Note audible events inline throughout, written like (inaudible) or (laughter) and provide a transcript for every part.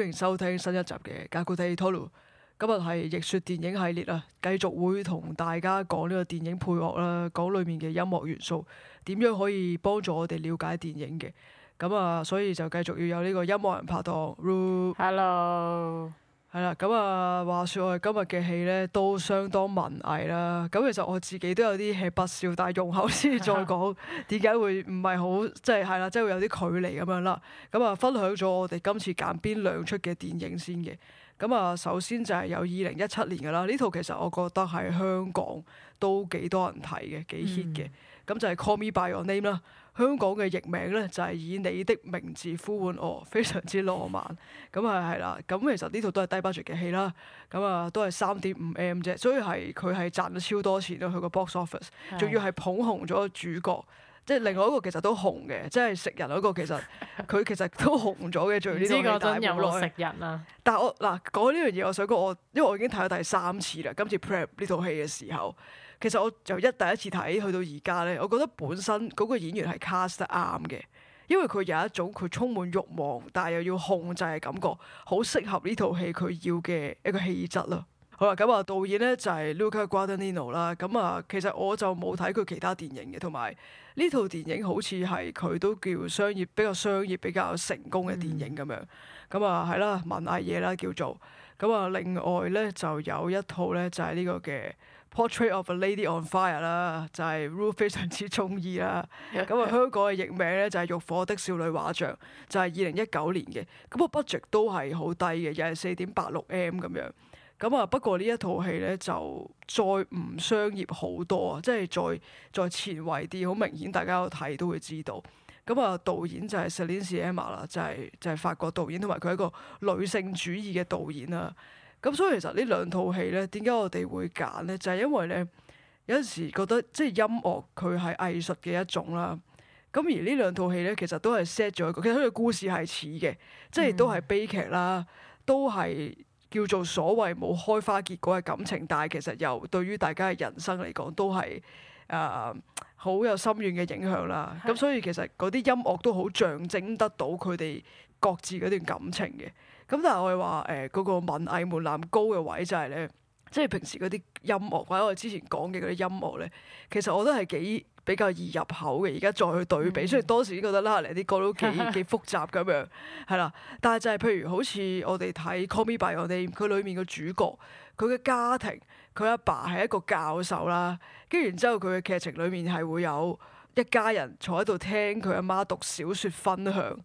歡迎收聽新一集嘅《隔谷地》，Tolu，今日係《逆說電影》系列啦，繼續會同大家講呢個電影配樂啦，講裏面嘅音樂元素點樣可以幫助我哋了解電影嘅，咁啊，所以就繼續要有呢個音樂人拍檔，RUE，Hello。係啦，咁啊，話説我哋今日嘅戲呢都相當文藝啦。咁其實我自己都有啲吃不消，但係用口先再講點解會唔係好，即係係啦，即係、就是、會有啲距離咁樣啦。咁啊，分享咗我哋今次揀邊兩出嘅電影先嘅。咁啊，首先就係有二零一七年噶啦，呢套其實我覺得喺香港都幾多人睇嘅，幾 hit 嘅。咁、嗯、就係、是、Call Me By Your Name 啦。香港嘅譯名咧就係、是、以你的名字呼喚我，哦，非常之浪漫。咁啊係啦，咁、嗯嗯、其實呢套都係低 budget 嘅戲啦。咁、嗯、啊、嗯、都係三點五 M 啫，所以係佢係賺咗超多錢咯。佢個 box office 仲要係捧紅咗主角，即係另外一個其實都紅嘅，即係食人嗰個其實佢 (laughs) 其實都紅咗嘅。最尾呢個大無有落食人啊？ (laughs) 但係 (laughs) 我嗱講呢樣嘢，我想講我因為我已經睇咗第三次啦。今次 prep 呢套戲嘅時候。其實我由一第一次睇，去到而家呢，我覺得本身嗰個演員係 cast 得啱嘅，因為佢有一種佢充滿慾望，但係又要控制嘅感覺，好適合呢套戲佢要嘅一個氣質啦。好啦，咁、嗯、啊，導演呢就係、是、Luca Guadagnino 啦、嗯。咁啊，其實我就冇睇佢其他電影嘅，同埋呢套電影好似係佢都叫商業比較商業比較成功嘅電影咁樣。咁啊、嗯、係、嗯嗯嗯、啦，文藝嘢啦叫做。咁、嗯、啊，另外呢就有一套呢，就係呢個嘅。《Portrait of a Lady on Fire》啦，就係 Rue 非常之中意啦。咁啊，香港嘅譯名咧就係《浴火的少女畫像》，就係二零一九年嘅。咁個 budget 都係好低嘅，有四點八六 M 咁樣。咁啊，不過呢一套戲咧就再唔商業好多啊，即係再再前衛啲，好明顯大家有睇都會知道。咁啊，導演就係 Celine Sciamma 啦，就係就係法國導演，同埋佢係一個女性主義嘅導演啊。咁所以其實呢兩套戲呢，點解我哋會揀呢？就係、是、因為呢，有陣時覺得即係音樂佢係藝術嘅一種啦。咁而呢兩套戲呢，其實都係 set 咗一個，其實佢故事係似嘅，即係都係悲劇啦，都係叫做所謂冇開花結果嘅感情。但係其實又對於大家嘅人生嚟講，都係誒好有深遠嘅影響啦。咁是的 所以其實嗰啲音樂都好象徵得到佢哋各自嗰段感情嘅。咁但係我哋話，誒嗰個文藝門檻高嘅位就係咧，即係平時嗰啲音樂，或者我哋之前講嘅嗰啲音樂咧，其實我都係幾比較易入口嘅。而家再去對比，嗯、雖然當時已經覺得啦，嚟啲歌都幾 (laughs) 幾複雜咁樣，係啦。但係就係譬如好似我哋睇《Call Me By Your Name》我哋佢裏面嘅主角，佢嘅家庭，佢阿爸係一個教授啦，跟住然之後佢嘅劇情裏面係會有一家人坐喺度聽佢阿媽讀小說分享。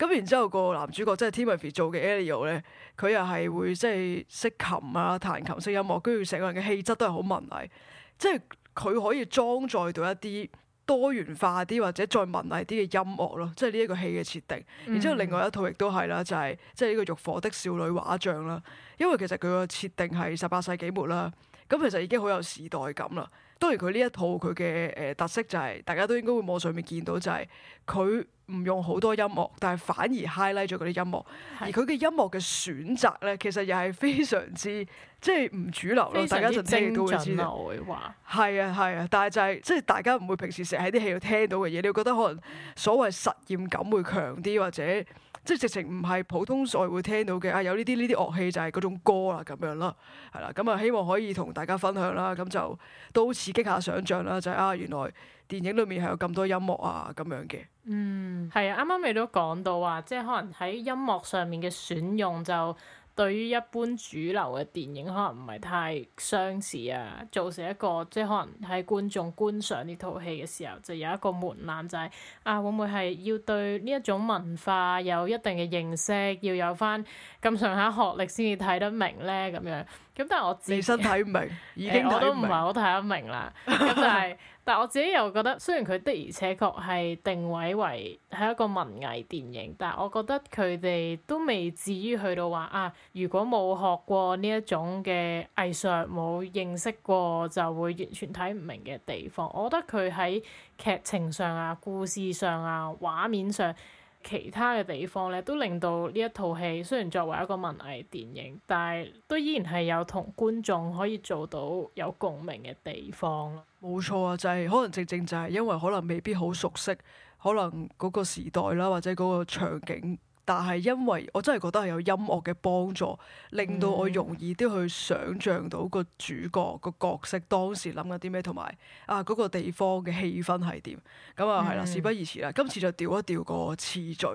咁然之後，個男主角即係、就是、Timothy 做嘅 Elio 咧，佢又係會即係識琴啊，彈琴識音樂，跟住成個人嘅氣質都係好文藝，即係佢可以裝載到一啲多元化啲或者再文藝啲嘅音樂咯，即係呢一個戲嘅設定。嗯、然之後，另外一套亦都係啦，就係即係呢個《欲火的少女畫像》啦，因為其實佢個設定係十八世紀末啦，咁其實已經好有時代感啦。當然，佢呢一套佢嘅誒特色就係、是、大家都應該會網上面見到、就是，就係佢。唔用好多音樂，但係反而 highlight 咗嗰啲音樂，是的 而佢嘅音樂嘅選擇咧，其實又係非常之即係唔主流咯。大家就聽都會知道。係啊係啊，但係就係即係大家唔會平時成日喺啲戲度聽到嘅嘢，你會覺得可能所謂實驗感會強啲或者。即係直情唔係普通再會聽到嘅。啊有呢啲呢啲樂器就係嗰種歌啦咁樣啦，係啦，咁啊希望可以同大家分享啦，咁就都刺激下想像啦，就係啊原來電影裡面係有咁多音樂啊咁樣嘅。嗯，係啊，啱啱你都講到話，即係可能喺音樂上面嘅選用就。對於一般主流嘅電影，可能唔係太相似啊，造成一個即係可能喺觀眾觀賞呢套戲嘅時候，就有一個門檻，就係、是、啊，會唔會係要對呢一種文化有一定嘅認識，要有翻咁上下學歷先至睇得明呢？咁樣。咁但係我自己睇唔明，已經睇唔明、欸，我都唔係好睇得明啦。咁、就係、 (laughs) 但係，但係我自己又覺得，雖然佢的而且確係定位為係一個文藝電影，但係我覺得佢哋都未至於去到話啊，如果冇學過呢一種嘅藝術，冇認識過，就會完全睇唔明嘅地方。我覺得佢喺劇情上啊、故事上啊、畫面上，其他嘅地方咧，都令到呢一套戲雖然作為一個文藝電影，但係都依然係有同觀眾可以做到有共鳴嘅地方咯。冇錯啊，就係、是、可能正正就係因為可能未必好熟悉，可能嗰個時代啦，或者嗰個場景。但係因為我真係覺得係有音樂嘅幫助，令到我容易啲去想像到個主角、個角色當時諗緊啲咩，同埋啊嗰個地方嘅氣氛係點。咁啊係啦，事不宜遲啦，今次就調一調個次序，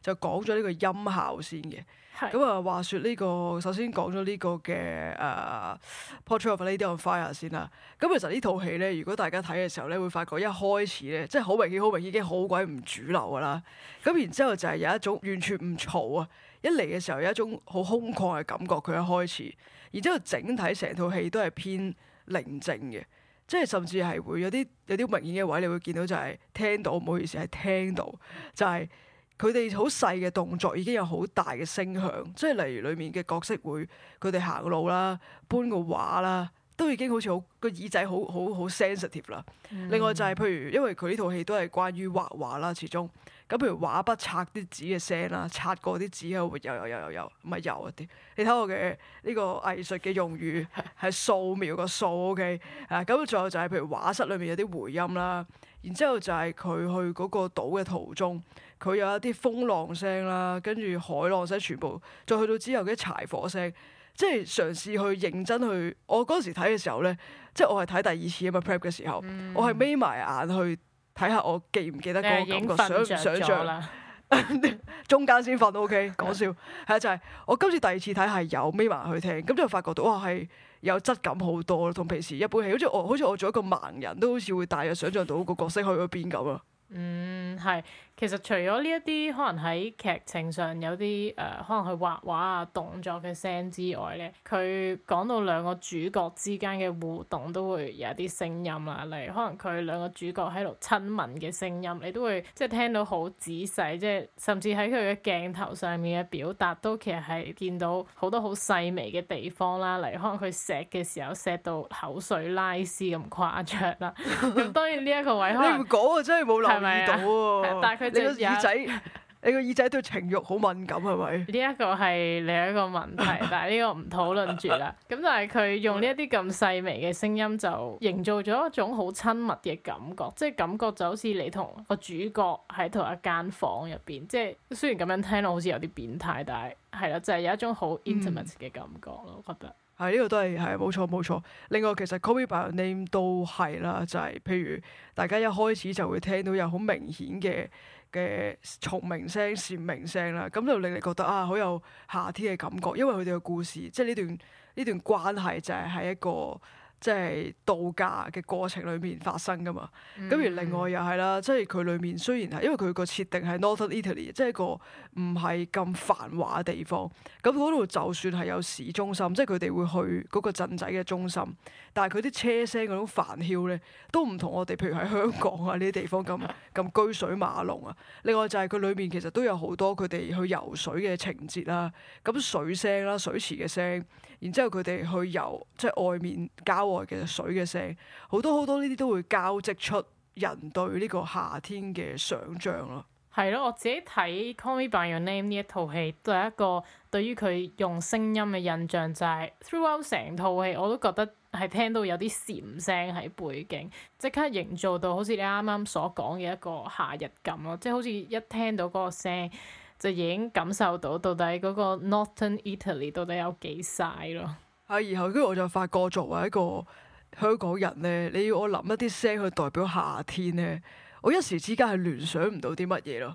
就講咗呢個音效先嘅。咁啊，話説呢個，首先講咗呢個嘅誒《uh, Portrait of a Lady on Fire》先啦。咁其實呢套戲咧，如果大家睇嘅時候咧，會發覺一開始咧，即係好明顯、好明顯，已經好鬼唔主流噶啦。咁然之後就係有一種完全唔嘈啊！一嚟嘅時候有一種好空曠嘅感覺，佢一開始，然之後整體成套戲都係偏寧靜嘅，即係甚至係會有啲有啲明顯嘅位，你會見到就係聽到，唔好意思係聽到，就係。佢哋好細嘅動作已經有好大嘅聲響，即係例如裡面嘅角色會佢哋行路啦、搬個畫啦，都已經好似好個耳仔好好好 sensitive 啦。嗯、另外就係譬如，因為佢呢套戲都係關於畫畫啦，始終咁譬如畫筆拆啲紙嘅聲啦，拆過啲紙係會有有有有有，唔係有啊？啲。你睇我嘅呢個藝術嘅用語係掃 (laughs) 描個掃，OK？啊咁，仲有就係譬如畫室裏面有啲回音啦，然之後就係佢去嗰個島嘅途中。佢有一啲風浪聲啦，跟住海浪聲，全部再去到之後啲柴火聲，即係嘗試去認真去。我嗰時睇嘅時候咧，即係我係睇第二次啊嘛。Prep 嘅時候，嗯、我係眯埋眼去睇下我記唔記得嗰個感覺，嗯、想唔想像？ (laughs) 中間先瞓，OK，講笑係 (laughs) 就係、是、我今次第二次睇係有眯埋去聽，咁就發覺到哇，係有質感好多，同平時一般戲好似我好似我做一個盲人都好似會大約想像到個角色去咗邊咁啊。嗯，係。其實除咗呢一啲可能喺劇情上有啲誒、呃，可能佢畫畫啊動作嘅聲之外咧，佢講到兩個主角之間嘅互動都會有啲聲音啦，例如可能佢兩個主角喺度親吻嘅聲音，你都會即係、就是、聽到好仔細，即係甚至喺佢嘅鏡頭上面嘅表達都其實係見到好多好細微嘅地方啦，例如可能佢錫嘅時候錫到口水拉絲咁誇張啦。咁當然呢一個位，可能 (laughs) 你唔講我真係冇留意到喎、啊。係。你個耳仔， (laughs) 你個耳仔對情欲好敏感係咪？呢一個係另一個問題， (laughs) 但係呢個唔討論住啦。咁 (laughs) 但係佢用呢啲咁細微嘅聲音，就營造咗一種好親密嘅感覺，即係感覺就好似你同個主角喺同一間房入邊。即係雖然咁樣聽落好似有啲變態，但係係啦，就係有一種好 intimate 嘅感覺咯。嗯、我覺得係呢個都係係冇錯冇錯。另外其實 call me by your name 都係啦，就係譬如大家一開始就會聽到有好明顯嘅嘅蟲鳴聲、蟬鳴聲啦，咁就令你覺得啊，好有夏天嘅感覺，因為佢哋嘅故事，即係呢段呢段關係就係係一個。即係度假嘅過程裏面發生㗎嘛，咁、嗯、而另外又係啦，即係佢裏面雖然係因為佢個設定係 Northern Italy，即係一個唔係咁繁華嘅地方，咁嗰度就算係有市中心，即係佢哋會去嗰個鎮仔嘅中心，但係佢啲車聲嗰種煩囂咧，都唔同我哋，譬如喺香港啊呢啲地方咁咁車水馬龍啊。另外就係佢裏面其實都有好多佢哋去游水嘅情節啦，咁水聲啦、水池嘅聲。然之後佢哋去遊，即係外面郊外嘅水嘅聲，好多好多呢啲都會交織出人對呢個夏天嘅想像啦。係咯，我自己睇《Call Me By Your Name》呢一套戲，都係一個對於佢用聲音嘅印象，就係、是、throughout 成套戲我都覺得係聽到有啲蟬聲喺背景，即刻營造到好似你啱啱所講嘅一個夏日感咯，即、就、係、是、好似一聽到嗰個聲。就已經感受到到底嗰個 Northern Italy 到底有幾晒咯。係，然後跟住我就發覺作為一個香港人咧，你要我諗一啲聲去代表夏天咧，我一時之間係聯想唔到啲乜嘢咯。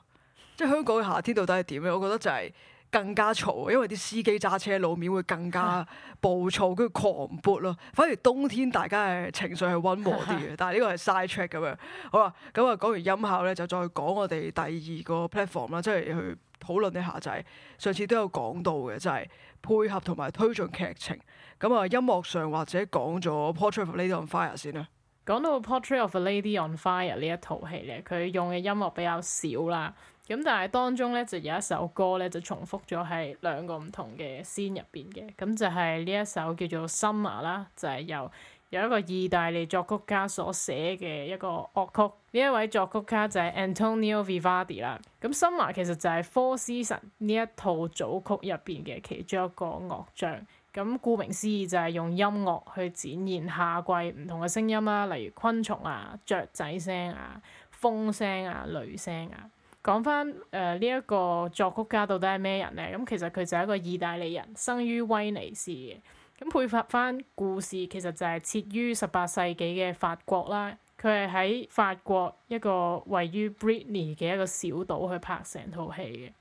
即係香港嘅夏天到底係點咧？我覺得就係更加嘈，因為啲司機揸車路面會更加暴躁，跟住 (laughs) 狂撥咯。反而冬天大家嘅情緒係溫和啲嘅。但係呢個係 side track 咁樣。好啦，咁啊講完音效咧，就再講我哋第二個 platform 啦，即、就、係、是、去。討論一下就係上次都有講到嘅，就係、是、配合同埋推進劇情。咁啊，音樂上或者講咗《Portrait of a Lady on Fire》先啦。講到《Portrait of a Lady on Fire》呢一套戲咧，佢用嘅音樂比較少啦。咁但係當中咧就有一首歌咧就重複咗係兩個唔同嘅 scene 入邊嘅。咁就係、是、呢一首叫做《Summer》啦，就係、是、由。有一個意大利作曲家所寫嘅一個樂曲，呢一位作曲家就係 Antonio Vivaldi 啦。咁《Summer》其實就係《Four Seasons》呢一套組曲入邊嘅其中一個樂章。咁顧名思義就係用音樂去展現夏季唔同嘅聲音啦，例如昆蟲啊、雀仔聲啊、風聲啊、雷聲啊。講翻誒呢一個作曲家到底係咩人咧？咁其實佢就係一個意大利人，生於威尼斯嘅。咁配合翻故事其實就係設於十八世紀嘅法國啦，佢係喺法國一個位於 Brittany 嘅一個小島去拍成套戲嘅。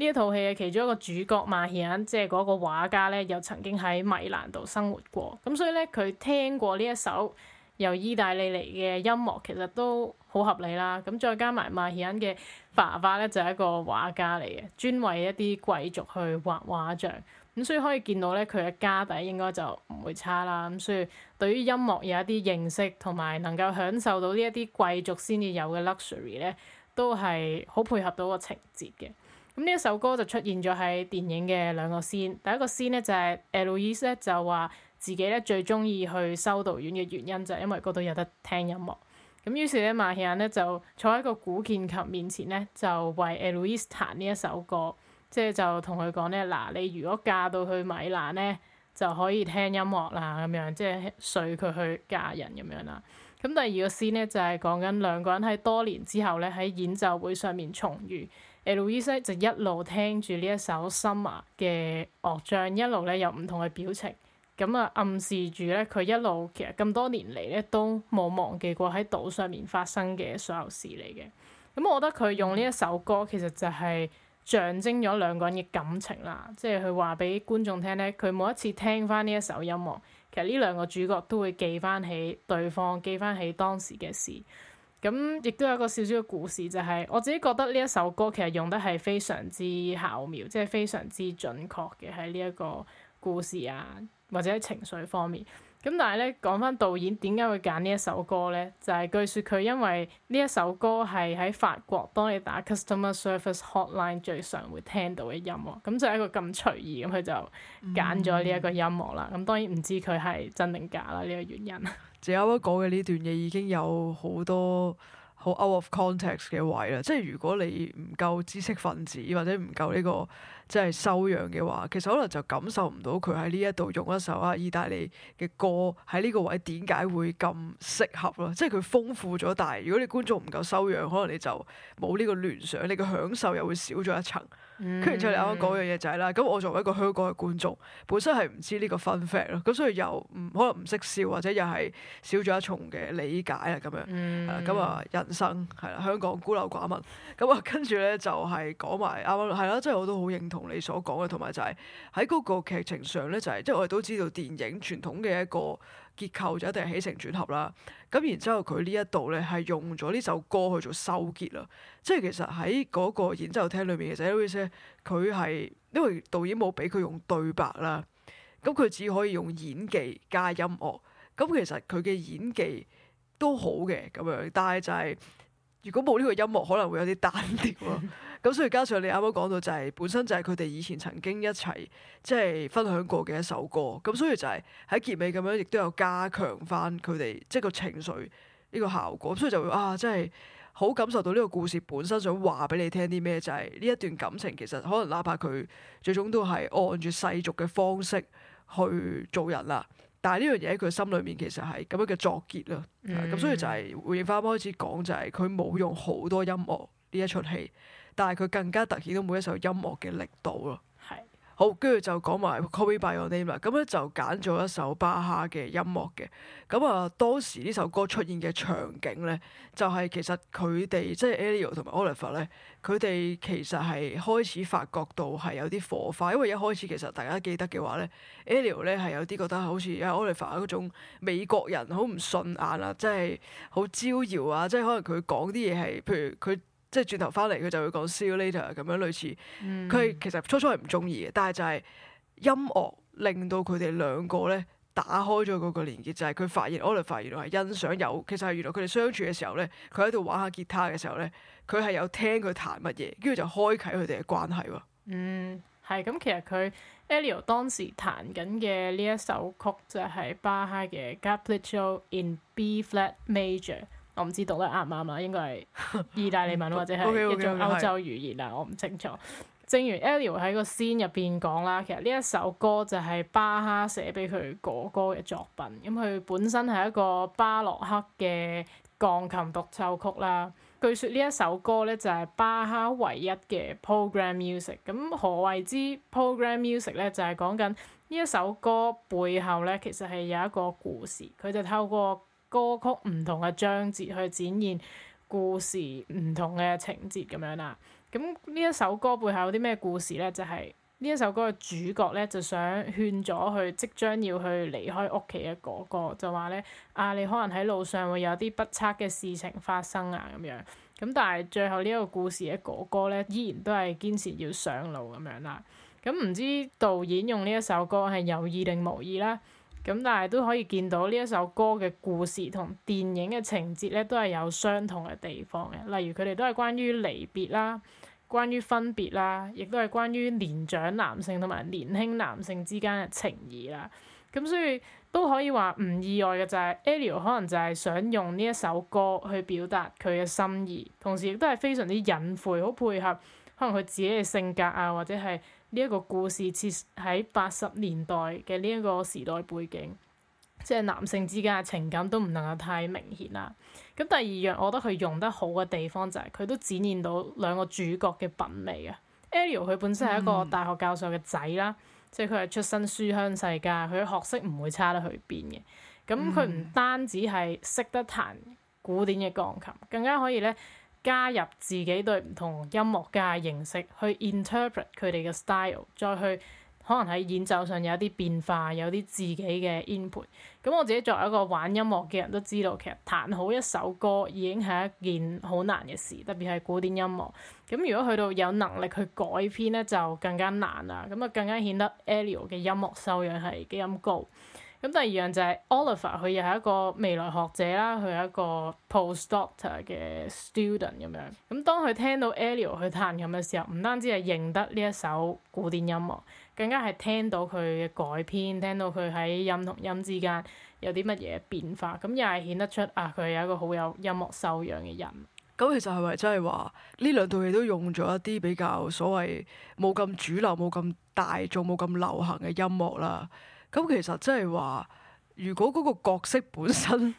呢一套戲嘅其中一個主角馬歇恩，即係嗰個畫家咧，又曾經喺米蘭度生活過，咁所以咧佢聽過呢一首由意大利嚟嘅音樂，其實都好合理啦。咁再加埋馬歇恩嘅爸爸咧就係、是、一個畫家嚟嘅，專為一啲貴族去畫畫像。咁所以可以見到咧，佢嘅家底應該就唔會差啦。咁所以對於音樂有一啲認識同埋能夠享受到呢一啲貴族先至有嘅 luxury 咧，都係好配合到個情節嘅。咁呢一首歌就出現咗喺電影嘅兩個 scene，第一個 scene 咧就係 Héloïse 咧，就話、是、自己咧最中意去修道院嘅原因就係、是、因為嗰度有得聽音樂，咁於是咧，馬歇咧就坐喺個古鍵琴面前咧，就為 Héloïse 彈呢一首歌。即係就同佢講咧，嗱你如果嫁到去米蘭咧，就可以聽音樂啦，咁樣即係隨佢去嫁人咁樣啦。咁第二個詩咧就係講緊兩個人喺多年之後咧喺演奏會上面重遇。Héloïse 就一路聽住呢一首《Summer》嘅樂章，一路咧有唔同嘅表情，咁啊暗示住咧佢一路其實咁多年嚟咧都冇忘記過喺島上面發生嘅所有事嚟嘅。咁我覺得佢用呢一首歌其實就係、是。象徵咗兩個人嘅感情啦，即係佢話俾觀眾聽咧，佢每一次聽翻呢一首音樂，其實呢兩個主角都會記翻起對方，記翻起當時嘅事。咁亦都有一個少少嘅故事，就係我自己覺得呢一首歌其實用得係非常之巧妙，即係非常之準確嘅喺呢一個故事啊，或者喺情緒方面。咁但係咧，講翻導演點解會揀呢一首歌咧？就係、是、據說佢因為呢一首歌係喺法國當你打 customer service hotline 最常會聽到嘅音樂，咁就係一個咁隨意咁佢就揀咗呢一個音樂啦。咁、嗯、當然唔知佢係真定假啦呢、這個原因。自己啱啱講嘅呢段嘢已經有好多好 out of context 嘅位啦，即係如果你唔夠知識分子或者唔夠呢、這個。即係修養嘅話，其實可能就感受唔到佢喺呢一度用一首啊意大利嘅歌喺呢個位點解會咁適合咯？即係佢豐富咗，但係如果你觀眾唔夠修養，可能你就冇呢個聯想，你嘅享受又會少咗一層。跟住、嗯、就啱啱講樣嘢就係啦，咁我作為一個香港嘅觀眾，本身係唔知呢個 fun fact 咯，咁所以又唔可能唔識笑或者又係少咗一重嘅理解啊咁樣。咁啊、嗯嗯、人生係啦，香港孤陋寡聞。咁啊跟住咧就係講埋啱啱係咯，即係我都好認同。同你所講嘅，同埋就係喺嗰個劇情上呢，就係即係我哋都知道電影傳統嘅一個結構就一定係起承轉合啦。咁然之後佢呢一度呢係用咗呢首歌去做收結啦。即係其實喺嗰個演奏廳裏面其實 Love Is》佢係因為導演冇俾佢用對白啦，咁佢只可以用演技加音樂。咁其實佢嘅演技都好嘅咁樣，但係就係如果冇呢個音樂，可能會有啲單調啊。 (laughs) 咁所以加上你啱啱講到就係本身就係佢哋以前曾經一齊即係分享過嘅一首歌，咁所以就係喺結尾咁樣亦都有加強翻佢哋即係個情緒呢個效果，所以就會啊，真係好感受到呢個故事本身想話俾你聽啲咩，就係呢一段感情其實可能哪怕佢最終都係按住世俗嘅方式去做人啦，但係呢樣嘢喺佢心裏面其實係咁樣嘅作結啦。咁、嗯、所以就係回應翻啱啱開始講，就係佢冇用好多音樂呢一齣戲。但係佢更加突顯到每一首音樂嘅力度咯。係的好，跟住就講埋《Call Me By Your Name》啦。咁、嗯、咧就揀咗一首巴哈嘅音樂嘅。咁、嗯、啊，當時呢首歌出現嘅場景咧，就係、是、其實佢哋即係、e、Elio 同埋 Oliver 咧，佢哋其實係開始發覺到係有啲火花。因為一開始其實大家記得嘅話咧，Elio 咧係有啲覺得好似啊 Oliver 嗰種美國人好唔順眼啊，即係好招搖啊，即係可能佢講啲嘢係，譬如佢。即係轉頭翻嚟，佢就會講 see you later 咁樣類似。佢係、嗯、其實初初係唔中意嘅，但係就係音樂令到佢哋兩個咧打開咗嗰個連結，就係、是、佢發現，Oliver 發現原來係欣賞有，其實係原來佢哋相處嘅時候咧，佢喺度玩下吉他嘅時候咧，佢係有聽佢彈乜嘢，跟住就開啟佢哋嘅關係喎。嗯，係咁，其實佢 Elio 當時彈緊嘅呢一首曲就係巴哈嘅 Capriccio in B flat major。我唔知讀得啱唔啱啊，應該係意大利文或者係一種歐洲語言啊，我唔清楚。 (laughs) 正如 Elio 喺個 scene 入邊講啦，其實呢一首歌就係巴哈寫俾佢哥哥嘅作品。咁佢本身係一個巴洛克嘅鋼琴獨奏曲啦。據說呢一首歌咧就係巴哈唯一嘅 program music。咁何謂之 program music 咧？就係講緊呢一首歌背後咧，其實係有一個故事。佢就透過歌曲唔同嘅章節去展現故事唔同嘅情節咁樣啦、啊。咁呢一首歌背後有啲咩故事咧？就係、是、呢一首歌嘅主角咧，就想勸咗佢即將要去離開屋企嘅哥哥，就話咧：啊，你可能喺路上會有啲不測嘅事情發生啊咁樣啊。咁但係最後呢一個故事嘅哥哥咧，依然都係堅持要上路咁樣啦、啊。咁唔、啊、知導演用呢一首歌係有意定無意啦？咁但係都可以見到呢一首歌嘅故事同電影嘅情節咧，都係有相同嘅地方嘅。例如佢哋都係關於離別啦，關於分別啦，亦都係關於年長男性同埋年輕男性之間嘅情誼啦。咁所以都可以話唔意外嘅就係 Elio 可能就係想用呢一首歌去表達佢嘅心意，同時亦都係非常之隱晦，好配合可能佢自己嘅性格啊，或者係。呢一個故事設喺八十年代嘅呢一個時代背景，即係男性之間嘅情感都唔能夠太明顯啦。咁第二樣，我覺得佢用得好嘅地方就係佢都展現到兩個主角嘅品味嘅。Elio 佢本身係一個大學教授嘅仔啦，嗯、即係佢係出身書香世家，佢學識唔會差得去邊嘅。咁佢唔單止係識得彈古典嘅鋼琴，更加可以咧。加入自己對唔同音樂嘅認識，去 interpret 佢哋嘅 style，再去可能喺演奏上有啲變化，有啲自己嘅 in p u t，咁我自己作為一個玩音樂嘅人都知道，其實彈好一首歌已經係一件好難嘅事，特別係古典音樂。咁如果去到有能力去改編呢，就更加難啦。咁啊，更加顯得 Elio 嘅音樂修養係幾咁高。咁第二樣就係 Oliver，佢又係一個未來學者啦，佢係一個 postdoctor 嘅 student 咁樣。咁當佢聽到 Elio 去彈琴嘅時候，唔單止係認得呢一首古典音樂，更加係聽到佢嘅改編，聽到佢喺音同音之間有啲乜嘢變化，咁又係顯得出啊佢係一個好有音樂修養嘅人。咁其實係咪真係話呢兩套戲都用咗一啲比較所謂冇咁主流、冇咁大眾、冇咁流行嘅音樂啦？咁其實即係話。如果嗰個角色本身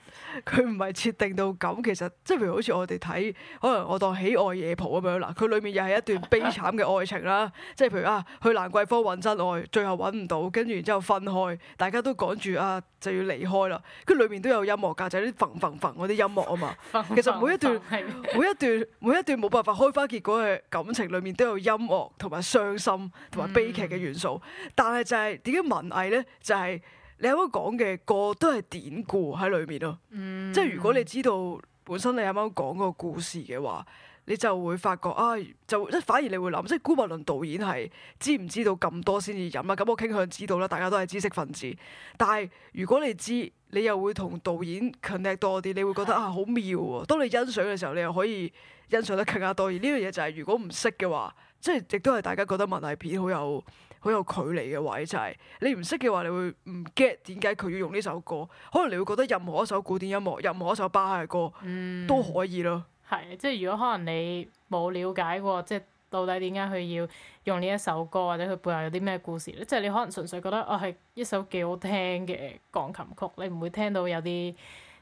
佢唔係設定到咁，其實即係譬如好似我哋睇，可能我當喜愛夜蒲咁樣啦。佢裏面又係一段悲慘嘅愛情啦，即係譬如啊，去蘭桂坊揾真愛，最後揾唔到，跟住然之後分開，大家都趕住啊就要離開啦。佢裏面都有音樂噶，就啲馴馴馴嗰啲音樂啊嘛。 (laughs) 其實每一段， (laughs) 每一段、每一段、每一段冇辦法開花結果嘅感情裏面都有音樂同埋傷心同埋悲劇嘅元素，但係就係點解文藝呢？就係、是你啱啱講嘅個都係典故喺裏面咯，嗯、即係如果你知道本身你啱啱講個故事嘅話，你就會發覺啊、哎，就即反而你會諗，即係古畑任導演係知唔知道咁多先至飲啊？咁我傾向知道啦，大家都係知識分子。但係如果你知，你又會同導演 connect 多啲，你會覺得、哎、啊，好妙喎！當你欣賞嘅時候，你又可以欣賞得更加多。而呢樣嘢就係、是、如果唔識嘅話，即係亦都係大家覺得文藝片好有。好有距離嘅位就係、是、你唔識嘅話，你會唔 get 點解佢要用呢首歌？可能你會覺得任何一首古典音樂、任何一首巴赫嘅歌、嗯、都可以咯。係即係如果可能你冇了解過，即、就、係、是、到底點解佢要用呢一首歌，或者佢背後有啲咩故事咧？即、就、係、是、你可能純粹覺得哦係一首幾好聽嘅鋼琴曲，你唔會聽到有啲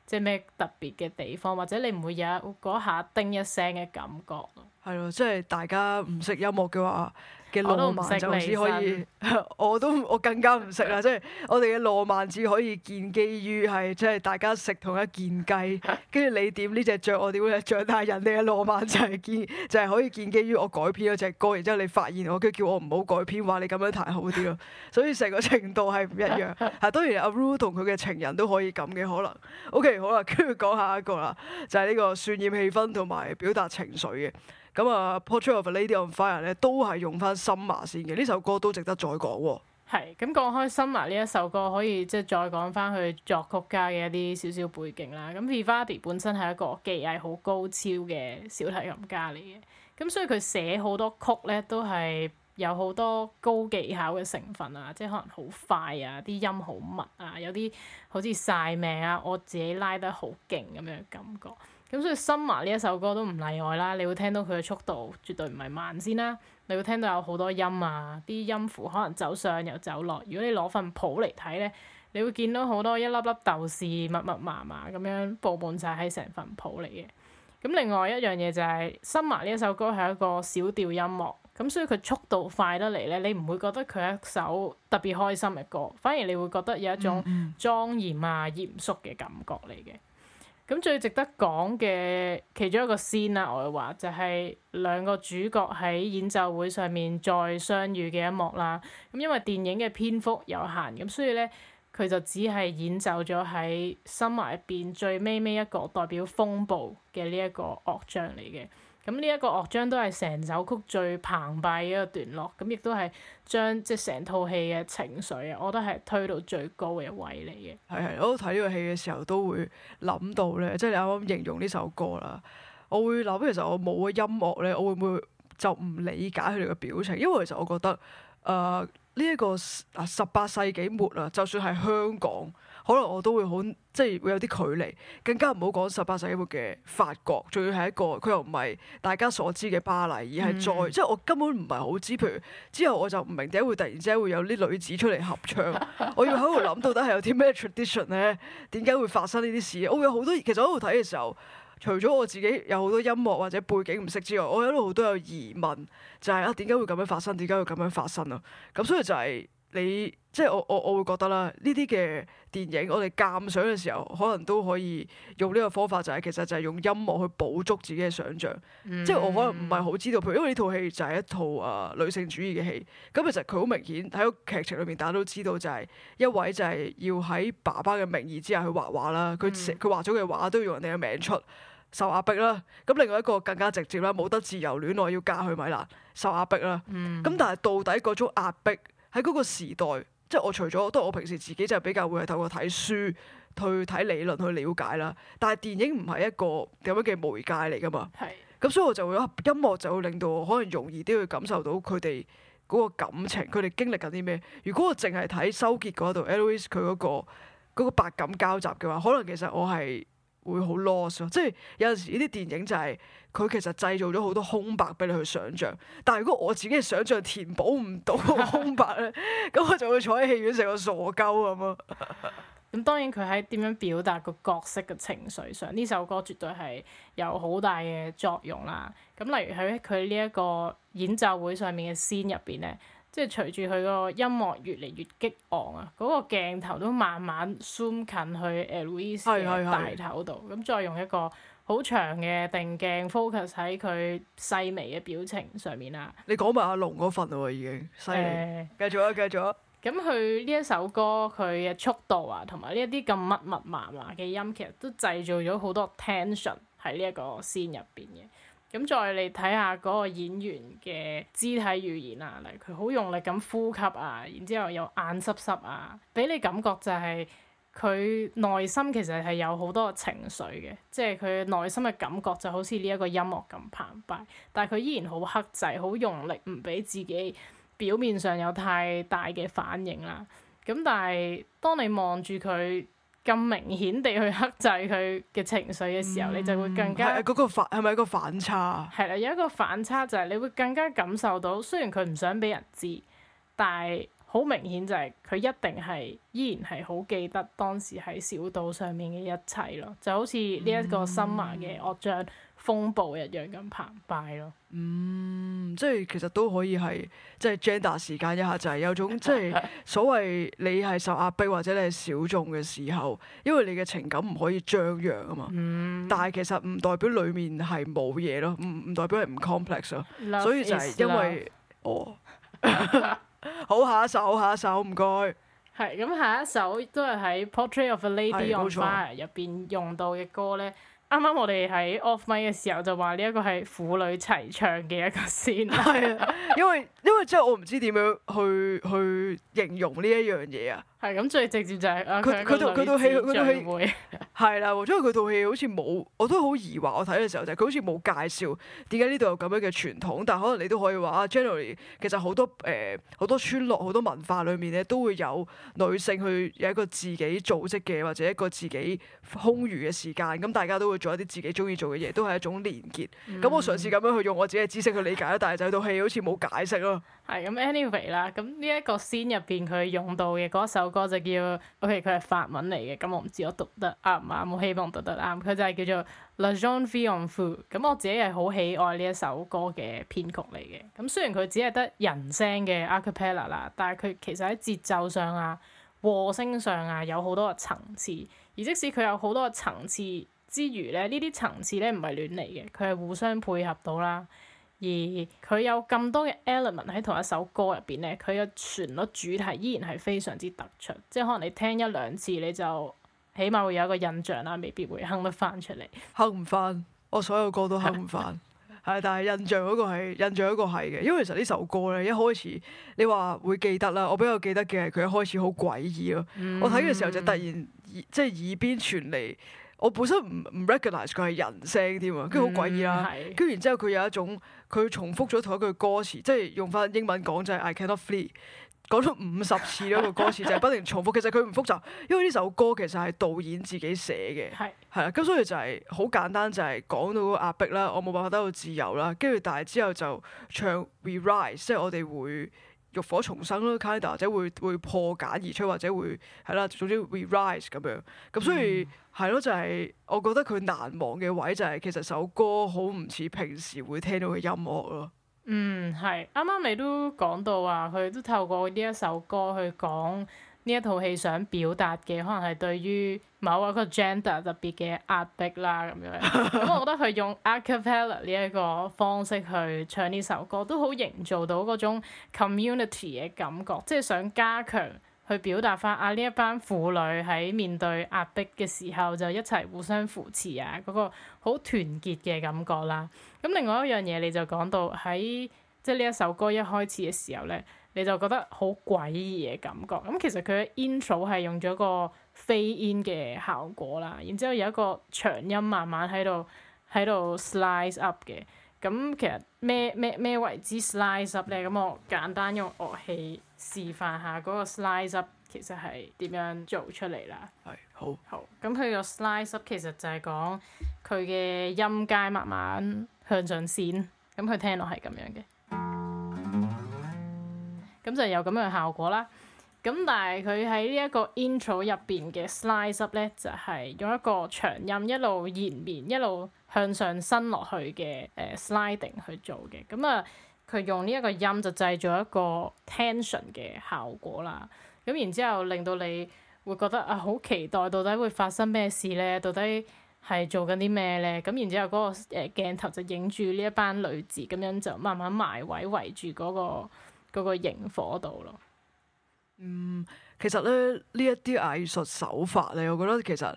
即係咩特別嘅地方，或者你唔會有一下叮一聲嘅感覺。係咯，即、就、係、是、大家唔識音樂嘅話。嘅浪漫就只可以， (laughs) 我都我更加唔食啦，即係 (laughs) 我哋嘅浪漫只可以建基於係，即係大家食同一件雞，跟住你點呢隻醬，我點呢隻醬，但係人哋嘅浪漫就係建，就係可以建基於我改編嗰隻歌，然之後你發現我，跟住叫我唔好改編，話你咁樣彈好啲咯，所以成個程度係唔一樣。啊， (laughs) 當然阿 Rue 同佢嘅情人都可以咁嘅可能。OK，好啦，跟住講下一個啦，就係呢個渲染氣氛同埋表達情緒嘅。咁啊，Portrait of a Lady on Fire 咧，都係用翻 Summer 先嘅。呢首歌都值得再講喎。係，咁講開 Summer 呢一首歌，可以即係再講翻佢作曲家嘅一啲少少背景啦。咁 Vivaldi 本身係一個技藝好高超嘅小提琴家嚟嘅，咁所以佢寫好多曲咧，都係有好多高技巧嘅成分啊，即係可能好快啊，啲音好密啊，有啲好似晒命啊，我自己拉得好勁咁樣嘅感覺。咁所以 Summer 呢一首歌都唔例外啦，你會聽到佢嘅速度絕對唔係慢先啦，你會聽到有好多音啊，啲音符可能走上又走落。如果你攞份譜嚟睇咧，你會見到好多一粒粒豆豉密密麻麻咁樣佈滿晒喺成份譜嚟嘅。咁另外一樣嘢就係 Summer 呢一首歌係一個小調音樂，咁所以佢速度快得嚟咧，你唔會覺得佢一首特別開心嘅歌，反而你會覺得有一種莊嚴啊、嚴肅嘅感覺嚟嘅。咁最值得講嘅其中一個先啦，我話就係，是，兩個主角喺演奏會上面再相遇嘅一幕啦。咁因為電影嘅篇幅有限，咁所以咧佢就只係演奏咗喺 Summer 入邊最尾尾一個代表風暴嘅呢一個樂章嚟嘅。咁呢一個樂章都係成首曲最澎湃嘅一個段落，咁亦都係將即成套戲嘅情緒啊，我都係推到最高嘅一位嚟嘅。係係，我睇呢個戲嘅時候都會諗到咧，即係你啱啱形容呢首歌啦，我會諗其實我冇個音樂咧，我會唔會就唔理解佢哋嘅表情？因為其實我覺得誒。呃呢一個嗱十八世紀末啊，就算係香港，可能我都會好即係會有啲距離，更加唔好講十八世紀末嘅法國，仲要係一個佢又唔係大家所知嘅巴黎，而係再、嗯、即係我根本唔係好知。譬如之後我就唔明點解會突然之間會有啲女子出嚟合唱，我要喺度諗到底係有啲咩 tradition 咧？點解會發生呢啲事？我有好多其實喺度睇嘅時候。除咗我自己有好多音樂或者背景唔識之外，我一路都有疑問，就係啊點解會咁樣發生？點解會咁樣發生啊？咁所以就係、是。你即係我我我會覺得啦，呢啲嘅電影我哋鑒賞嘅時候，可能都可以用呢個方法，就係其實就係用音樂去捕捉自己嘅想象。Mm hmm. 即係我可能唔係好知道，譬如因為呢套戲就係一套啊、呃、女性主義嘅戲，咁其實佢好明顯喺個劇情裏面，大家都知道就係、是、一位就係要喺爸爸嘅名義之下去畫畫啦。佢佢畫咗嘅畫都要用人哋嘅名出，受壓迫啦。咁另外一個更加直接啦，冇得自由戀愛，要嫁去米蘭啦，受壓迫啦。咁、mm hmm. 但係到底嗰種壓迫？喺嗰個時代，即係我除咗都係我平時自己就比較會係透過睇書去睇理論去了解啦。但係電影唔係一個點樣嘅媒介嚟噶嘛。咁的，所以我就會音樂就會令到我可能容易啲去感受到佢哋嗰個感情，佢哋經歷緊啲咩。如果我淨係睇收結嗰度 Héloïse 佢嗰、嗰個嗰、嗰個百感交集嘅話，可能其實我係。會好 lost 咯，即係有陣時呢啲電影就係，佢其實製造咗好多空白俾你去想像，但係如果我自己嘅想像填補唔到個空白咧，咁 (laughs) 我就會坐喺戲院成個傻鳩咁咯。咁 (laughs) 當然佢喺點樣表達個角色嘅情緒上，呢首歌絕對係有好大嘅作用啦。咁例如喺佢呢一個演奏會上面嘅 scene 入面咧。即係隨住佢個音樂越嚟越激昂啊，嗰個鏡頭都慢慢 zoom 近去 Luis 嘅大頭度，咁再用一個好長嘅定鏡 focus 喺佢細微嘅表情上面啦。你講埋阿龍嗰份喎、啊、已經，犀利，欸。繼續啊，繼續啊。咁佢呢一首歌佢嘅速度啊，同埋呢一啲咁密密麻麻嘅音，其實都製造咗好多 tension 喺呢一個 scene 入邊嘅。咁再嚟睇下嗰個演員嘅肢體語言啊，例如佢好用力咁呼吸啊，然之後又眼濕濕啊，俾你感覺就係佢內心其實係有好多情緒嘅，即係佢內心嘅感覺就好似呢一個音樂咁澎湃，但係佢依然好克制，好用力唔俾自己表面上有太大嘅反應啦。咁但係當你望住佢，咁明顯地去克制佢嘅情緒嘅時候，嗯、你就會更加係咪、嗰個反、一個反差？係啦，有一個反差就係、係、你會更加感受到，雖然佢唔想俾人知，但係。好明顯就係佢一定係依然係好記得當時喺小島上面嘅一切咯，就好似呢一個深埋嘅惡象風暴一樣咁澎湃咯。嗯，即係其實都可以係即係 gender 時間一下，就係、是、有種即係所謂你係受壓迫或者你係小眾嘅時候，因為你嘅情感唔可以張揚啊嘛。嗯、但係其實唔代表裡面係冇嘢咯，唔唔代表係唔 complex 咯。Love 所以就係因為我。is love. 哦 (laughs) 好，下一首，下一首，唔該。係咁，下一首都係喺《Portrait of a Lady on Fire》入邊用到嘅歌咧。啱啱錯我哋喺 off mic 嘅時候就話呢一個係婦女齊唱嘅一個 scene，係啊。 (laughs) 因為因為即係我唔知點樣去去形容呢一樣嘢啊。係咁最直接就係佢套佢戲佢套戲係啦， (laughs) 因為佢套戲好似冇我都好疑惑，我睇嘅時候就係佢好似冇介紹點解呢度有咁樣嘅傳統，但可能你都可以話啊，generally 其實好多誒好、呃、多村落好多文化裏面咧都會有女性去有一個自己組織嘅或者一個自己空餘嘅時間，咁大家都會做一啲自己中意做嘅嘢，都係一種連結。咁、嗯、我嘗試咁樣去用我自己嘅知識去理解，但係就係套戲好似冇解釋咯。係咁，anyway 啦，咁呢一個 scene 入邊佢用到嘅嗰首。歌就叫 OK，佢係法文嚟嘅，咁我唔知我讀得啱唔啱，我希望我讀得啱。佢就係叫做 La Jeune Fille en Feu。咁我自己係好喜愛呢一首歌嘅編曲嚟嘅。咁雖然佢只係得人聲嘅 A cappella 啦，但係佢其實喺節奏上啊、和聲上啊，有好多個層次。而即使佢有好多個層次之餘咧，呢啲層次咧唔係亂嚟嘅，佢係互相配合到啦。而佢有咁多嘅 element 喺同一首歌入邊咧，佢嘅旋律主題依然係非常之突出，即係可能你聽一兩次你就起碼會有一個印象啦，未必會哼得翻出嚟。哼唔翻，我所有歌都哼唔翻。係， (laughs) 但係印象嗰個係，印象嗰個係嘅。因為其實呢首歌咧，一開始你話會記得啦，我比較記得嘅係佢一開始好詭異咯。我睇嘅時候就突然即係耳邊傳嚟。就是我本身唔唔 recognize 佢係人聲添啊，跟住好詭異啦，跟住、嗯、然之後佢有一種佢重複咗同一句歌詞，即係用翻英文講就係、是、I cannot flee 講咗五十次一個歌詞就係、是、不停重複， (laughs) 其實佢唔複雜，因為呢首歌其實係導演自己寫嘅，係啦是，咁所以就係好簡單就係、是、講到壓迫啦，我冇辦法得到自由啦，跟住但係之後就唱 We rise，即係、就是、我哋會。浴火重生咯，kind of, 或者會會破繭而出，或者會係啦，總之會 rise 咁樣，咁所以係咯、嗯，就係、係、我覺得佢難忘嘅位就係其實首歌好唔似平時會聽到嘅音樂咯。嗯，係啱啱你都講到話，佢都透過呢一首歌去講。呢一套戲想表達嘅可能係對於某一個 gender 特別嘅壓迫啦，咁樣。咁 (laughs) 我覺得佢用 a cappella 呢一個方式去唱呢首歌，都好營造到嗰種 community 嘅感覺，即係想加強去表達翻啊呢一班婦女喺面對壓迫嘅時候就一齊互相扶持啊嗰個好團結嘅感覺啦。咁另外一樣嘢你就講到喺即係呢一首歌一開始嘅時候咧。你就覺得好詭異嘅感覺。咁其實佢嘅 intro 係用咗個 fade in 嘅效果啦，然之後有一個長音慢慢喺度喺度 slide up 嘅。咁其實咩咩咩位置 slide up 咧？咁我簡單用樂器示範下嗰個 slide up 其實係點樣做出嚟啦。係好。好。咁佢個 slide up 其實就係講佢嘅音階慢慢向上線。咁佢聽落係咁樣嘅。咁就有咁樣嘅效果啦。咁但係佢喺呢一個 intro 入邊嘅 slide up 咧，就係用一個長音一路延綿，一路向上伸落去嘅誒 sliding 去做嘅。咁啊，佢用呢一個音就製造一個 tension 嘅效果啦。咁然之後令到你會覺得啊，好期待到底會發生咩事呢？到底係做緊啲咩呢？咁然之後嗰個誒鏡頭就影住呢一班女子咁樣就慢慢埋位圍住嗰個。嗰個營火度咯，嗯，其實咧呢一啲藝術手法咧，我覺得其實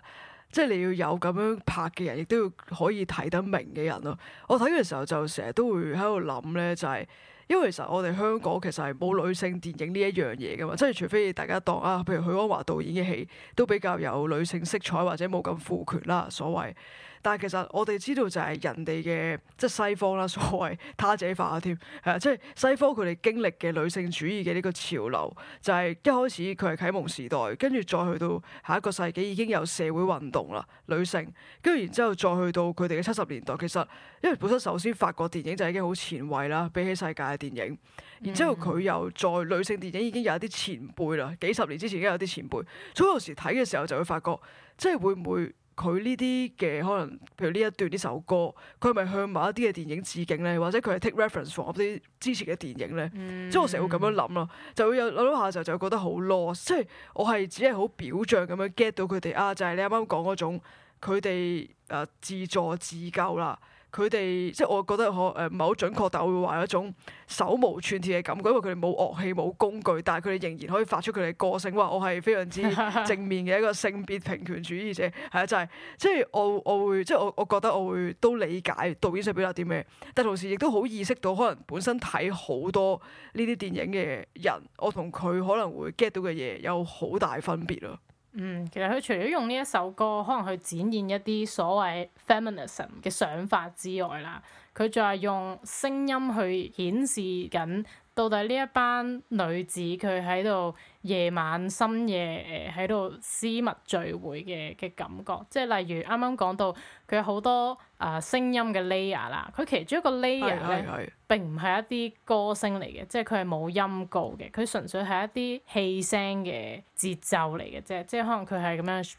即係你要有咁樣拍嘅人，亦都要可以睇得明嘅人咯。我睇嘅時候就成日都會喺度諗呢，就係、是、因為其實我哋香港其實係冇女性電影呢一樣嘢噶嘛，即係除非大家當啊，譬如許鞍華導演嘅戲都比較有女性色彩或者冇咁賦權啦，所謂。但係其實我哋知道就係人哋嘅即係西方啦，所謂他者化添，係啊，即係西方佢哋經歷嘅女性主義嘅呢個潮流，就係一開始佢係啟蒙時代，跟住再去到下一個世紀已經有社會運動啦，女性，跟住然之後再去到佢哋嘅七十年代，其實因為本身首先法國電影就已經好前衞啦，比起世界嘅電影，然之後佢又再女性電影已經有一啲前輩啦，幾十年之前已經有啲前輩，所以有時睇嘅時候就會發覺，即係會唔會？佢呢啲嘅可能，譬如呢一段呢首歌，佢係咪向某一啲嘅電影致敬咧？或者佢係 take reference from 啲之前嘅電影咧？即係、嗯、我成日會咁樣諗咯，就會有諗到下時候就覺得好 low，即係我係只係好表象咁樣 get 到佢哋啊，就係、是、你啱啱講嗰種，佢哋誒自助自救啦。佢哋即係我覺得可誒唔係好準確，但我會話一種手無寸鐵嘅感覺，因為佢哋冇樂器冇工具，但係佢哋仍然可以發出佢哋嘅個性。話我係非常之正面嘅一個性別平權主義者，係啊，就係即係我我會即係我我覺得我會都理解導演想表達啲咩，但同時亦都好意識到可能本身睇好多呢啲電影嘅人，我同佢可能會 get 到嘅嘢有好大分別咯。嗯，其實佢除咗用呢一首歌可能去展現一啲所謂 feminism 嘅想法之外啦，佢仲係用聲音去顯示緊。到底呢一班女子佢喺度夜晚深夜誒喺度私密聚會嘅嘅感覺，即係例如啱啱講到佢有好多啊呃、聲音嘅 layer 啦，佢其中一個 layer 咧呢並唔係一啲歌聲嚟嘅，即係佢係冇音高嘅，佢純粹係一啲氣聲嘅節奏嚟嘅啫，即係可能佢係咁樣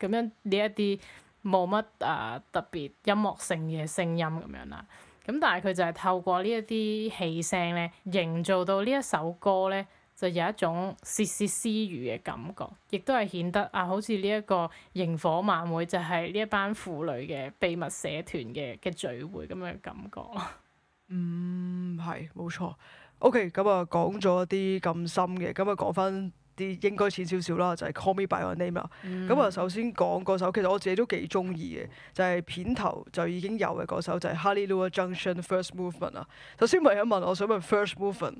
咁樣呢一啲冇乜啊特別音樂性嘅聲音咁樣啦。咁但係佢就係透過呢一啲氣聲咧，營造到呢一首歌咧，就有一種竊竊私語嘅感覺，亦都係顯得啊，好似呢一個營火晚會就係呢一班婦女嘅秘密社團嘅嘅聚會咁嘅感覺。嗯，係冇錯。OK，咁啊，講咗啲咁深嘅，咁啊，講翻。啲應該淺少少啦，就係、是、Call Me By Your Name 啦、嗯。咁啊，首先講嗰首，其實我自己都幾中意嘅，就係、是、片頭就已經有嘅嗰首，就係 Hallelujah Junction First Movement 啊。首先問一問，我想問 First Movement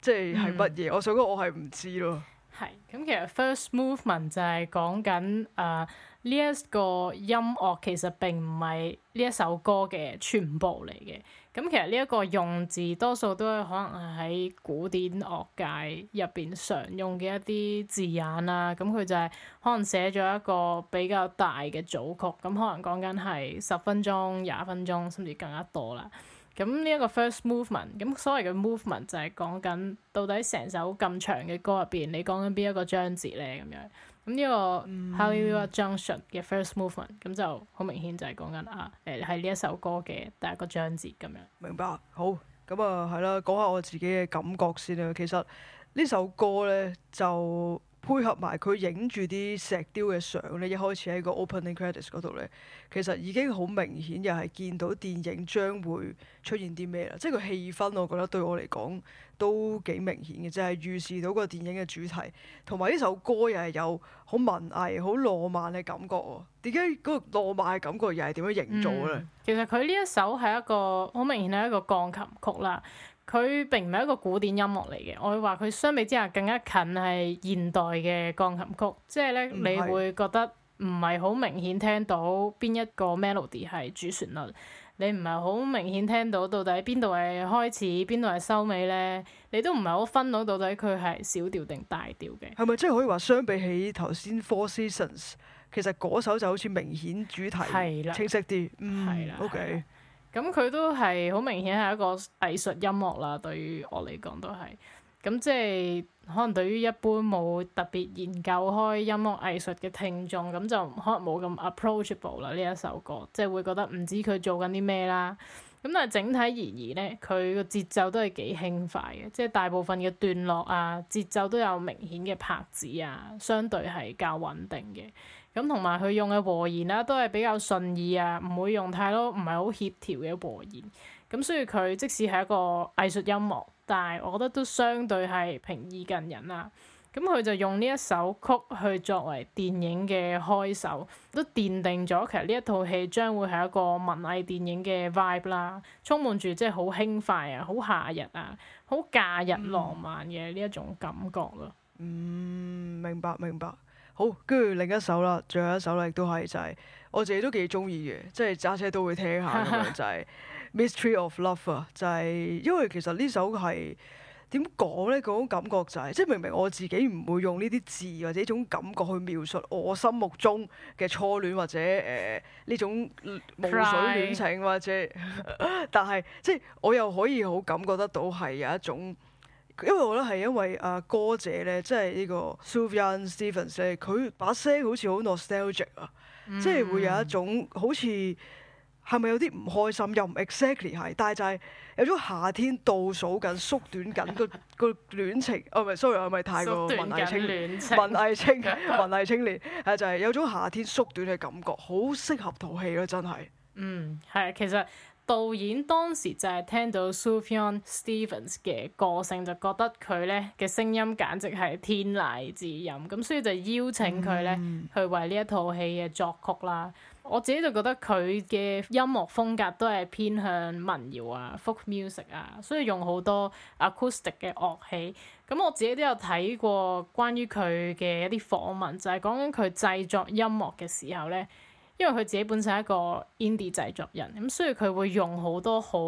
即係係乜嘢？嗯、我想講我係唔知咯。係，咁其實 First Movement 就係講緊誒呢一個音樂其實並唔係呢一首歌嘅全部嚟嘅。咁其實呢一個用字多數都係可能係喺古典樂界入邊常用嘅一啲字眼啦、啊。咁佢就係可能寫咗一個比較大嘅組曲，咁可能講緊係十分鐘、廿分鐘，甚至更加多啦。咁呢一個 first movement，咁所謂嘅 movement 就係講緊到底成首咁長嘅歌入邊，你講緊邊一個章節咧？咁樣。咁呢個《Hallelujah Junction》嘅 First Movement，咁、嗯、就好明顯就係講緊啊，誒係呢一首歌嘅第一個章節咁樣。明白，好，咁、嗯、啊，係啦，講下我自己嘅感覺先啊。其實呢首歌咧就～配合埋佢影住啲石雕嘅相咧，一開始喺個 opening credits 嗰度咧，其實已經好明顯又係見到電影將會出現啲咩啦。即係個氣氛，我覺得對我嚟講都幾明顯嘅，就係預示到個電影嘅主題。同埋呢首歌又係有好文藝、好浪漫嘅感覺喎。點解嗰個浪漫嘅感覺又係點樣營造咧？其實佢呢一首係一個好明顯係一個鋼琴曲啦。佢並唔係一個古典音樂嚟嘅，我會話佢相比之下更加近係現代嘅鋼琴曲。即係咧，你會覺得唔係好明顯聽到邊一個 melody 係主旋律，你唔係好明顯聽到到底邊度係開始，邊度係收尾咧，你都唔係好分到到底佢係小調定大調嘅。係咪即係可以話相比起頭先 Four Seasons，其實嗰首就好似明顯主題係啦清晰啲，嗯，OK。咁佢都係好明顯係一個藝術音樂啦，對於我嚟講都係。咁即係可能對於一般冇特別研究開音樂藝術嘅聽眾，咁就可能冇咁 approachable 啦呢一首歌，即係會覺得唔知佢做緊啲咩啦。咁但係整體而言咧，佢個節奏都係幾輕快嘅，即係大部分嘅段落啊，節奏都有明顯嘅拍子啊，相對係較穩定嘅。咁同埋佢用嘅和弦啦，都係比較順耳啊，唔會用太多唔係好協調嘅和弦。咁所以佢即使係一個藝術音樂，但係我覺得都相對係平易近人啦。咁佢就用呢一首曲去作為電影嘅開首，都奠定咗其實呢一套戲將會係一個文藝電影嘅 vibe 啦，充滿住即係好輕快啊、好夏日啊、好假日浪漫嘅呢一種感覺咯。嗯，嗯，明白明白。好，跟住另一首啦，最後一首啦，亦都係就係、是、我自己都幾中意嘅，即係揸車都會聽下嘅， (laughs) 就係《Mystery of Love、就是》啊！就係因為其實呢首係點講呢？嗰種感覺就係、是，即係明明我自己唔會用呢啲字或者呢種感覺去描述我心目中嘅初戀或者誒呢、呃、種露水戀情，或者，但係即係我又可以好感覺得到係有一種。因為我覺得係因為啊歌者咧，即係呢個 Sufjan Stevens 佢把聲好似好 nostalgic 啊，即係會有一種好似係咪有啲唔開心，又唔 exactly 係，但係就係有種夏天倒數緊、縮短緊個個戀情。啊唔係，sorry，我咪太過文藝青年，短 (laughs) 文藝青，文藝青年啊 (laughs) 就係有種夏天縮短嘅感覺，好適合套戲咯，真係。 (laughs) 嗯，係啊，其實。導演當時就係聽到 Sufjan Stevens 嘅個性，就覺得佢咧嘅聲音簡直係天籟之音，咁所以就邀請佢咧去為呢一套戲嘅作曲啦。嗯、我自己就覺得佢嘅音樂風格都係偏向民謠啊、folk music 啊，所以用好多 acoustic 嘅樂器。咁我自己都有睇過關於佢嘅一啲訪問，就係、是、講緊佢製作音樂嘅時候咧。因為佢自己本身係一個 indie 製作人，咁所以佢會用好多好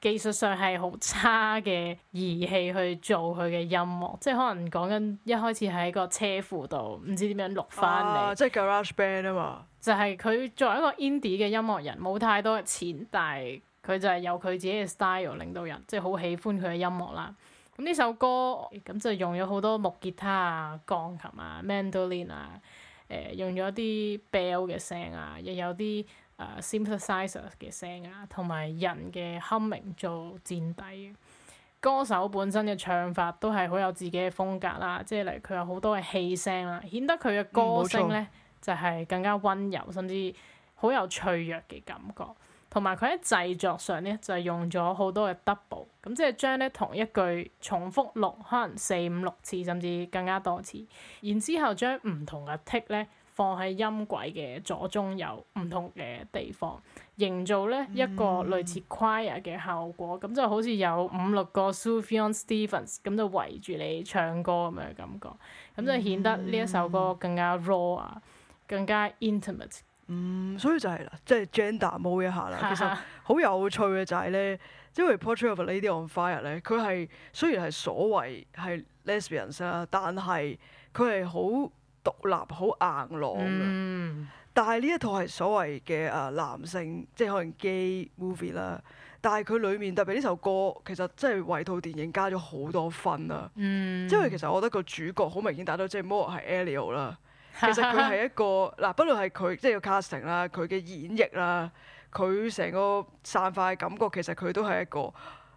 技術上係好差嘅儀器去做佢嘅音樂，即係可能講緊一開始喺個車庫度唔知點樣錄翻嚟、啊，即係 garage band 啊嘛。就係佢作為一個 indie 嘅音樂人，冇太多嘅錢，但係佢就係有佢自己嘅 style 令到人，即係好喜歡佢嘅音樂啦。咁呢首歌咁就用咗好多木吉他啊、鋼琴啊、mandolin 啊。誒、呃、用咗啲 bell 嘅聲啊，又有啲誒 synthesizers 嘅聲啊，同埋人嘅 humming 做墊底。歌手本身嘅唱法都係好有自己嘅風格啦，即係例如佢有好多嘅氣聲啦，顯得佢嘅歌聲咧、嗯、就係更加温柔，甚至好有脆弱嘅感覺。同埋佢喺製作上咧就係、是、用咗好多嘅 double。咁即係將咧同一句重複錄，可能四五六次，甚至更加多次。然之後將唔同嘅 tick 咧放喺音軌嘅左、中、右唔同嘅地方，營造咧一個類似 choir 嘅效果。咁、嗯、就好似有五六個 Sufjan Stevens 咁就圍住你唱歌咁樣嘅感覺。咁、嗯、就顯得呢一首歌更加 raw 啊，更加 intimate。嗯，所以就係啦，即係 gender move 一下啦。其實好有趣嘅就係、是、咧。 (laughs) 因為《Portrait of a Lady on Fire》咧，佢係雖然係所謂係 lesbians 啦，但係佢係好獨立、好硬朗嘅。嗯、但係呢一套係所謂嘅誒男性，即係可能 gay movie 啦。但係佢裡面特別呢首歌，其實真係為套電影加咗好多分啦、啊。即、嗯、因為其實我覺得個主角好明顯，打到即係 Momo 係 Elio 啦。其實佢係一個嗱， (laughs) 不論係佢即係個 casting 啦，佢嘅演繹啦。佢成個散發嘅感覺，其實佢都係一個。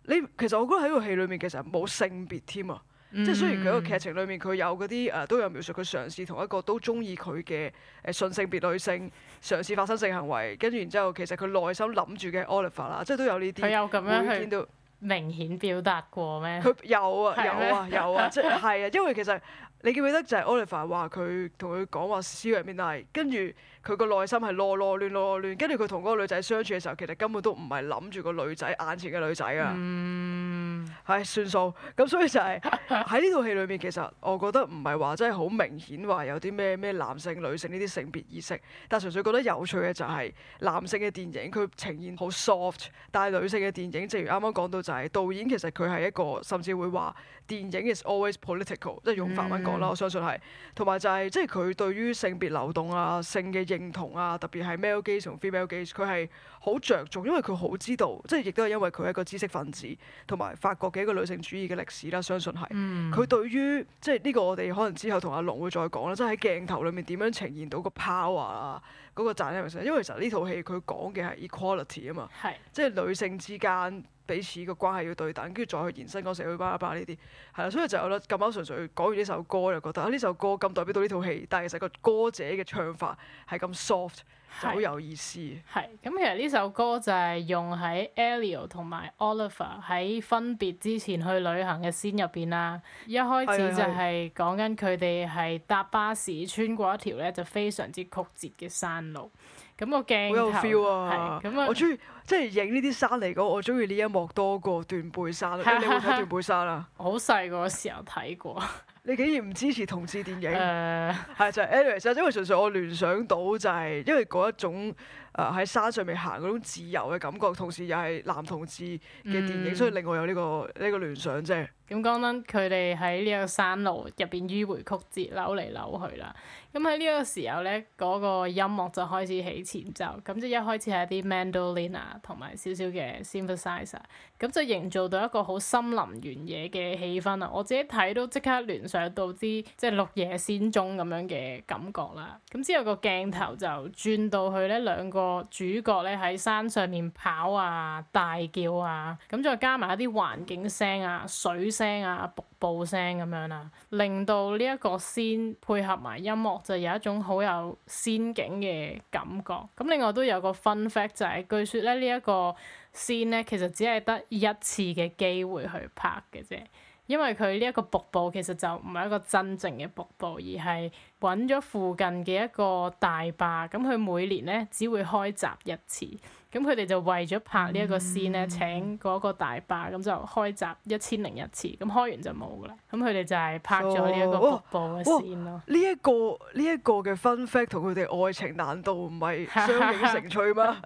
你其實我覺得喺個戲裡面，其實冇性別添啊。即係雖然佢個劇情裡面佢有嗰啲誒，都有描述佢嘗試同一個都中意佢嘅誒同性別女性嘗試發生性行為，跟住然之後其實佢內心諗住嘅 Oliver 啦，即係都有呢啲。佢有咁樣去見到明顯表達過咩？佢有啊，有啊，是嗎 (laughs) 有啊，有啊，即係係啊，因為其實你記唔記得就係 Oliver 話佢同佢講話 secretly 跟住。佢個內心係囉囉攣囉囉攣，跟住佢同個女仔相處嘅時候，其實根本都唔係諗住個女仔眼前嘅女仔啊！唉、嗯哎，算數，咁，所以就係、是，喺呢套戲裏面，其實我覺得唔係話真係好明顯話有啲咩咩男性、女性呢啲性別意識，但純粹覺得有趣嘅就係男性嘅電影佢呈現好 soft，但係女性嘅電影，正如啱啱講到就係、是、導演其實佢係一個甚至會話電影 is always political，即係用法文講啦，嗯、我相信係同埋就係、是、即係佢對於性別流動啊、性嘅認同啊，特別係 male gaze 同 female gaze，佢係好着重，因為佢好知道，即係亦都係因為佢係一個知識分子，同埋法國嘅一個女性主義嘅歷史啦。相信係，佢、嗯、對於即係呢個我哋可能之後同阿龍會再講啦，即係喺鏡頭裏面點樣呈現到個 power 啊，嗰個 dynamics。因為其實呢套戲佢講嘅係 equality 啊嘛，即係女性之間。彼此嘅關係要對等，跟住再去延伸嗰社會巴拉巴呢啲，係啦，所以就有覺得咁啱純粹講完呢首歌，就覺得啊呢首歌咁代表到呢套戲，但係其實個歌者嘅唱法係咁 soft，就好有意思。係，咁其實呢首歌就係用喺 Elio 同埋 Oliver 喺分別之前去旅行嘅先入面啦，一開始就係講緊佢哋係搭巴士穿過一條咧就非常之曲折嘅山路。咁我鏡頭好有 feel 啊，我中意即係影呢啲山嚟講，我中意呢一幕多過斷背山。係 (laughs) 你有睇斷背山啊？ (laughs) 我好細個時候睇過。 (laughs) 你竟然唔支持同志電影？誒，係就係 Anyway 啊，因為純粹我聯想到就係因為嗰一種。誒，喺山上面行嗰種自由嘅感覺，同時又係男同志嘅電影，嗯、所以另外有呢、呢個呢、呢個聯想啫。咁講緊佢哋喺呢個山路入邊迂回曲折，扭嚟扭去啦。咁喺呢個時候咧，嗰、嗰個音樂就開始起前奏，咁即係一開始係一啲 mandolin 啊，同埋少少嘅 synthesizer，咁就營造到一個好森林原野嘅氣氛啊，我自己睇都即刻聯想到啲即係綠野仙蹤咁樣嘅感覺啦。咁之後個鏡頭就轉到去咧兩個。個主角咧喺山上面跑啊、大叫啊，咁再加埋一啲環境聲啊、水聲啊、瀑布聲咁樣啦，令到呢一個 scene 配合埋音樂就有一種好有仙境嘅感覺。咁另外都有個 fun fact 就係，據說咧呢一個 scene 咧其實只係得一次嘅機會去拍嘅啫。因為佢呢一個瀑布其實就唔係一個真正嘅瀑布，而係揾咗附近嘅一個大壩。咁佢每年咧只會開閘一次。咁佢哋就為咗拍呢一個先咧、嗯，請嗰個大壩咁就開閘一千零一次。咁開完就冇噶啦。咁佢哋就係拍咗呢一個瀑布嘅先咯。呢一、哦哦哦哦這個呢一、這個嘅 fun fact 同佢哋愛情難道唔係相映成趣嗎？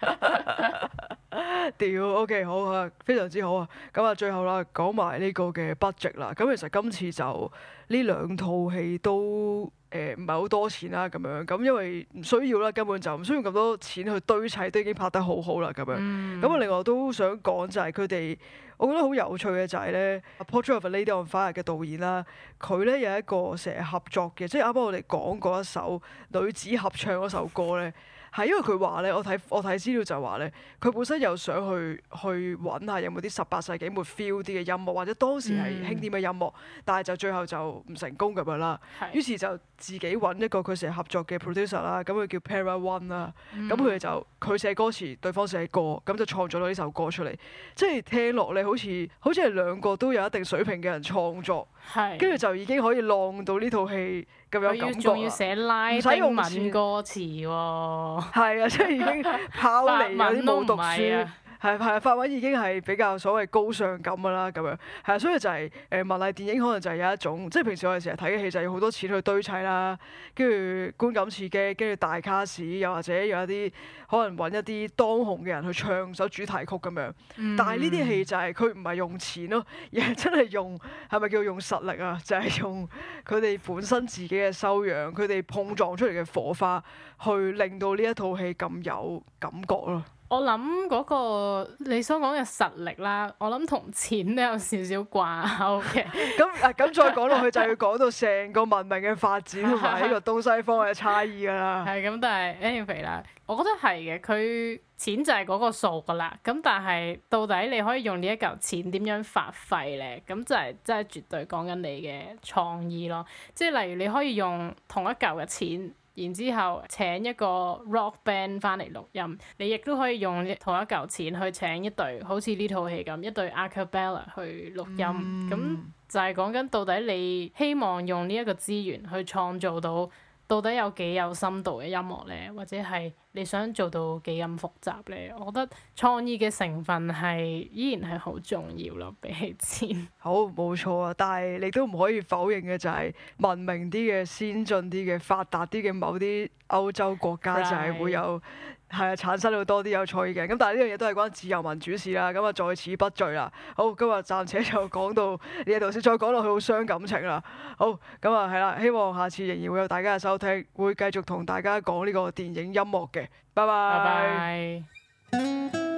(laughs) (laughs) 屌 (music) ，OK，好啊，非常之好啊，咁啊，最後啦，講埋呢個嘅 budget 啦。咁其實今次就呢兩套戲都誒唔係好多錢啦，咁樣咁因為唔需要啦，根本就唔需要咁多錢去堆砌，都已經拍得好好啦，咁樣。咁啊、嗯，另外都想講就係佢哋，我覺得好有趣嘅就係、是、咧，《 (music) Portrait of a Lady on Fire》嘅導演啦，佢咧有一個成日合作嘅，即係啱啱我哋講過一首女子合唱嗰首歌咧。係因為佢話咧，我睇我睇資料就話咧，佢本身又想去去揾下有冇啲十八世紀末 feel 啲嘅音樂，或者當時係興啲咩音樂，但係就最後就唔成功咁樣啦。嗯、於是就自己揾一個佢成日合作嘅 producer 啦，咁佢叫 Para One 啦，咁佢就佢寫歌詞，對方寫歌，咁就創作咗呢首歌出嚟。即係聽落咧，好似好似係兩個都有一定水平嘅人創作，跟住是就已經可以浪到呢套戲。有有我要仲要寫拉丁文歌詞喎，啊，係 (laughs) 啊，即係已經拋離文都唔係啊。係係，法文已經係比較所謂高尚感嘅啦，咁樣係啊，所以就係誒文藝電影可能就係有一種，即係平時我哋成日睇嘅戲就係要好多錢去堆砌啦，跟住觀感刺激，跟住大卡士，又或者有一啲可能搵一啲當紅嘅人去唱首主題曲咁樣。嗯。但係呢啲戲就係佢唔係用錢咯，而係真係用，係咪叫用實力啊？就係、是、用佢哋本身自己嘅修養，佢哋碰撞出嚟嘅火花，去令到呢一套戲咁有感覺咯。我諗嗰個你所講嘅實力啦，我諗同錢都有少少掛鈎嘅。咁、嗯、啊，咁再講落去 (laughs) 就要講到成個文明嘅發展同埋呢個東西方嘅差異噶啦。係、嗯、咁，但係 Andy 啦，Anyway, 我覺得係嘅。佢錢就係嗰個數噶啦。咁但係到底你可以用一呢一嚿錢點樣發揮咧？咁就係真係絕對講緊你嘅創意咯。即、就、係、是、例如你可以用同一嚿嘅錢。然之後請一個 rock band 翻嚟錄音，你亦都可以用同一嚿錢去請一隊好似呢套戲咁一隊 acapella 去錄音，咁、嗯、就係講緊到底你希望用呢一個資源去創造到。到底有幾有深度嘅音樂咧，或者係你想做到幾咁複雜咧？我覺得創意嘅成分係依然係好重要咯，比起錢。好，冇錯啊！但係你都唔可以否認嘅，就係文明啲嘅、先進啲嘅、發達啲嘅某啲。歐洲國家就係會有係啊，Right. 產生咗多啲有趣嘅，咁但係呢樣嘢都係關自由民主事啦。咁啊在此不贅啦。好，今日暫且就講到呢度先， (laughs) 你再講落去好傷感情啦。好，咁啊係啦，希望下次仍然會有大家嘅收聽，會繼續同大家講呢個電影音樂嘅。拜拜。Bye bye. (music)